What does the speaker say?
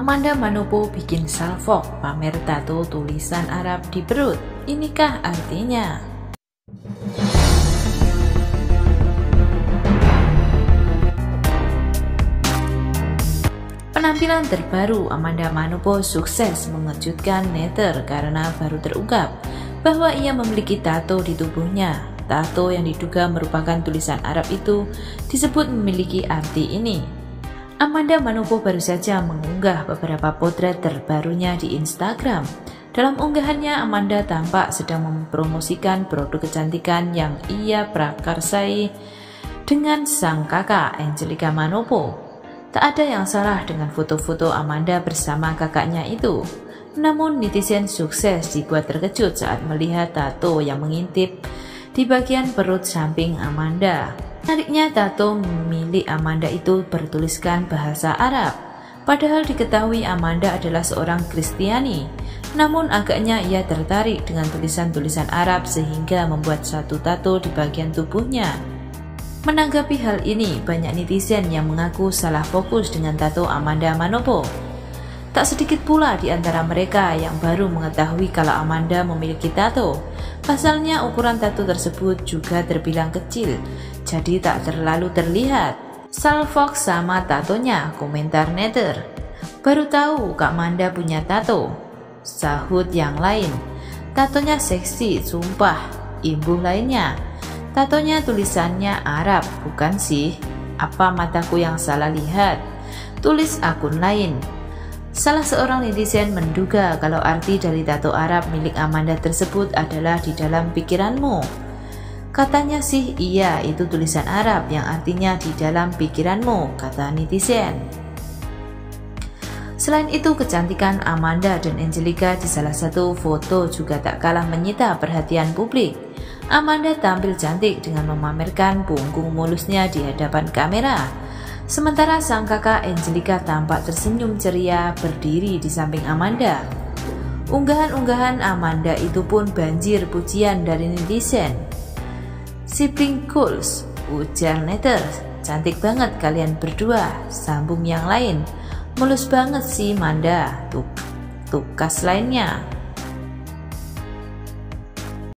Amanda Manopo bikin salvo pamer tato tulisan Arab di perut. Inikah artinya? Penampilan terbaru Amanda Manopo sukses mengejutkan Nether karena baru terungkap bahwa ia memiliki tato di tubuhnya. Tato yang diduga merupakan tulisan Arab itu disebut memiliki arti ini, Amanda Manopo baru saja mengunggah beberapa potret terbarunya di Instagram. Dalam unggahannya, Amanda tampak sedang mempromosikan produk kecantikan yang ia prakarsai dengan sang kakak Angelica Manopo. Tak ada yang salah dengan foto-foto Amanda bersama kakaknya itu. Namun netizen sukses dibuat terkejut saat melihat tato yang mengintip di bagian perut samping Amanda. Menariknya, tato milik Amanda itu bertuliskan bahasa Arab. Padahal diketahui Amanda adalah seorang Kristiani. Namun agaknya ia tertarik dengan tulisan-tulisan Arab sehingga membuat satu tato di bagian tubuhnya. Menanggapi hal ini, banyak netizen yang mengaku salah fokus dengan tato Amanda Manopo Tak sedikit pula di antara mereka yang baru mengetahui kalau Amanda memiliki tato. Pasalnya ukuran tato tersebut juga terbilang kecil, jadi tak terlalu terlihat. Sal Fox sama tatonya, komentar Nether. Baru tahu Kak Amanda punya tato. Sahut yang lain. Tatonya seksi, sumpah. Imbuh lainnya. Tatonya tulisannya Arab, bukan sih? Apa mataku yang salah lihat? Tulis akun lain. Salah seorang netizen menduga kalau arti dari tato Arab milik Amanda tersebut adalah di dalam pikiranmu. Katanya sih iya itu tulisan Arab yang artinya di dalam pikiranmu, kata netizen. Selain itu, kecantikan Amanda dan Angelica di salah satu foto juga tak kalah menyita perhatian publik. Amanda tampil cantik dengan memamerkan punggung mulusnya di hadapan kamera. Sementara sang kakak Angelica tampak tersenyum ceria berdiri di samping Amanda. Unggahan-unggahan Amanda itu pun banjir pujian dari netizen. Sibling Cools, ujar Nether, cantik banget kalian berdua, sambung yang lain. Mulus banget sih Manda, tuk, tukas lainnya,